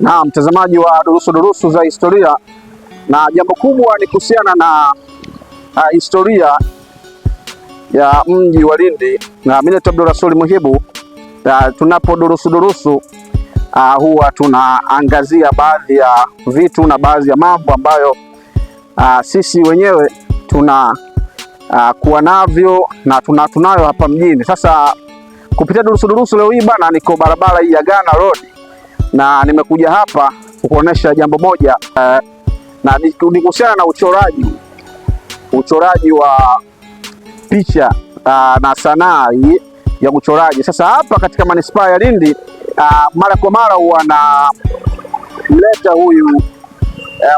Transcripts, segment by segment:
Na mtazamaji wa durusu durusu za historia, na jambo kubwa ni kuhusiana na uh, historia ya mji wa Lindi, na mimi ni Abdurasuli Muhibu. Uh, tunapo durusu durusu uh, huwa tunaangazia baadhi ya vitu na baadhi ya mambo ambayo uh, sisi wenyewe tuna uh, kuwa navyo na tuna tunayo hapa mjini. Sasa kupitia durusu durusu leo hii bana, niko barabara hii ya Ghana Road na nimekuja hapa kukuonesha jambo moja eh, na ni kuhusiana na uchoraji uchoraji wa picha uh, na sanaa ya uchoraji. Sasa hapa katika manispaa ya Lindi uh, mara kwa mara huwa mleta huyu uh,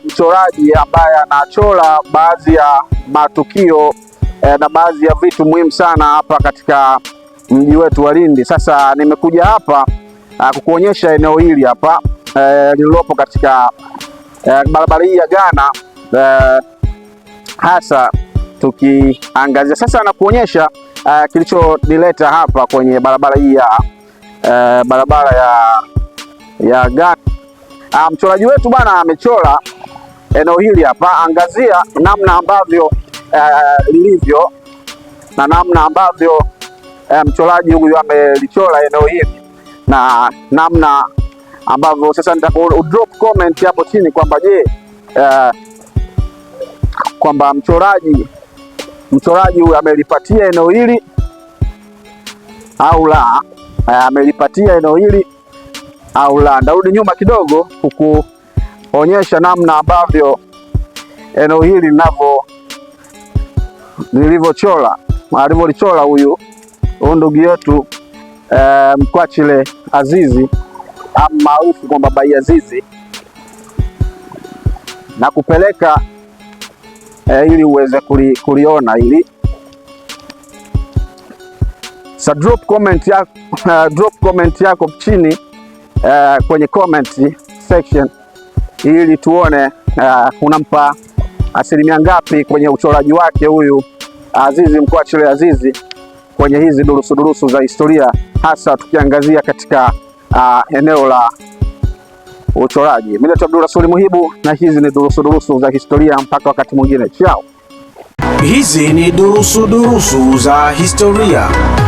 mchoraji ambaye anachora baadhi ya matukio uh, na baadhi ya vitu muhimu sana hapa katika mji wetu wa Lindi. Sasa nimekuja hapa Ah, kukuonyesha eneo hili hapa e, lililopo katika e, barabara hii ya Ghana e, hasa tukiangazia sasa nakuonyesha e, kilichonileta hapa kwenye barabara hii ya e, barabara ya ya Ghana. Ah, mchoraji wetu bwana amechora eneo hili hapa, angazia namna ambavyo lilivyo na namna ambavyo e, mchoraji huyu amelichora eneo hili na namna ambavyo sasa nitapo drop comment hapo chini kwamba je, uh, kwamba mchoraji mchoraji huyu amelipatia eneo hili au la, eh, amelipatia eneo hili au la. Ndarudi nyuma kidogo kukuonyesha namna ambavyo eneo hili linavyo nilivyochora alivyolichora huyu ndugu yetu uh, Mkwachile Azizi au maarufu kwa Baba Azizi na kupeleka eh, ili uweze kuli, kuliona ili sa drop comment yako, uh, eh, drop comment yako chini uh, kwenye comment section ili tuone uh, unampa asilimia ngapi kwenye uchoraji wake huyu Azizi Mkwachile Azizi kwenye hizi durusu durusu za historia, hasa tukiangazia katika uh, eneo la uchoraji. Mimi ni Abdulrasuli Muhibu na hizi ni durusu durusu za historia. Mpaka wakati mwingine, chao. Hizi ni durusu durusu za historia.